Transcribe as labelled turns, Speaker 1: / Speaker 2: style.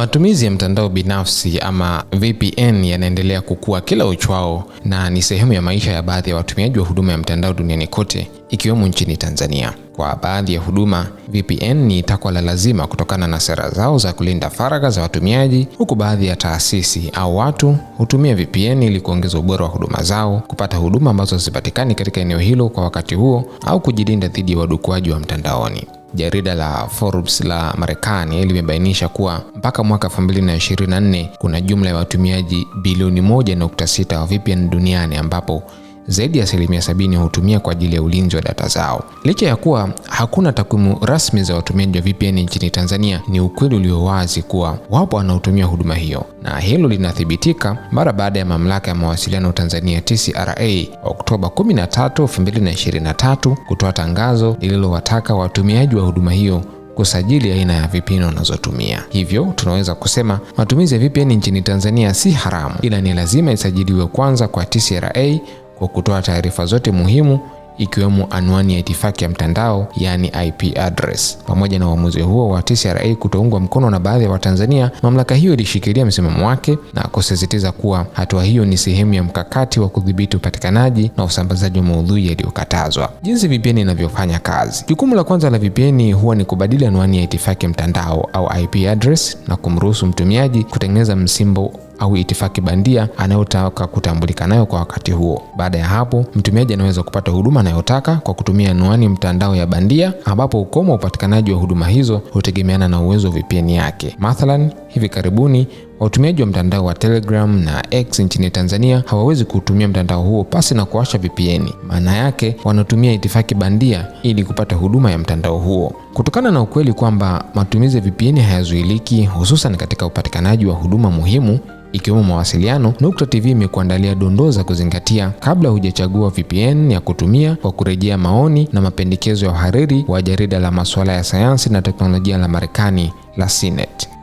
Speaker 1: Matumizi ya mtandao binafsi ama VPN yanaendelea kukua kila uchwao na ni sehemu ya maisha ya baadhi ya watumiaji wa huduma ya mtandao duniani kote ikiwemo nchini Tanzania. Kwa baadhi ya huduma, VPN ni takwa la lazima kutokana na sera zao za kulinda faragha za watumiaji, huku baadhi ya taasisi au watu hutumia VPN ili kuongeza ubora wa huduma zao, kupata huduma ambazo hazipatikani katika eneo hilo kwa wakati huo, au kujilinda dhidi ya wadukuaji wa mtandaoni. Jarida la Forbes la Marekani limebainisha kuwa mpaka mwaka 2024 kuna jumla ya watumiaji bilioni 1.6 wa VPN duniani ambapo zaidi ya asilimia sabini hutumia kwa ajili ya ulinzi wa data zao. Licha ya kuwa hakuna takwimu rasmi za watumiaji wa VPN nchini Tanzania, ni ukweli ulio wazi kuwa wapo wanaotumia huduma hiyo, na hilo linathibitika mara baada ya mamlaka ya mawasiliano Tanzania TCRA Oktoba 13, 2023 kutoa tangazo lililowataka watumiaji wa huduma hiyo kusajili aina ya VPN wanazotumia. Hivyo tunaweza kusema matumizi ya VPN nchini Tanzania si haramu, ila ni lazima isajiliwe kwanza kwa TCRA kwa kutoa taarifa zote muhimu ikiwemo anwani ya itifaki ya mtandao yani IP address. Pamoja na uamuzi huo wa TCRA kutoungwa mkono na baadhi ya Watanzania, mamlaka hiyo ilishikilia msimamo wake na kusisitiza kuwa hatua hiyo ni sehemu ya mkakati wa kudhibiti upatikanaji na usambazaji wa maudhui yaliyokatazwa. Jinsi VPN inavyofanya kazi: jukumu la kwanza la VPN huwa ni kubadili anwani ya itifaki ya mtandao au IP address na kumruhusu mtumiaji kutengeneza msimbo au itifaki bandia anayotaka kutambulika nayo kwa wakati huo. Baada ya hapo, mtumiaji anaweza kupata huduma anayotaka kwa kutumia anwani mtandao ya bandia, ambapo ukomo wa upatikanaji wa huduma hizo hutegemeana na uwezo wa VPN yake. Mathalan, hivi karibuni Watumiaji wa mtandao wa Telegram na X nchini Tanzania hawawezi kutumia mtandao huo pasi na kuwasha VPN. Maana yake wanatumia itifaki bandia ili kupata huduma ya mtandao huo. Kutokana na ukweli kwamba matumizi ya VPN hayazuiliki, hususan katika upatikanaji wa huduma muhimu ikiwemo mawasiliano, Nukta TV imekuandalia dondoo za kuzingatia kabla hujachagua VPN ya kutumia, kwa kurejea maoni na mapendekezo ya uhariri wa jarida la masuala ya sayansi na teknolojia la Marekani la CNET.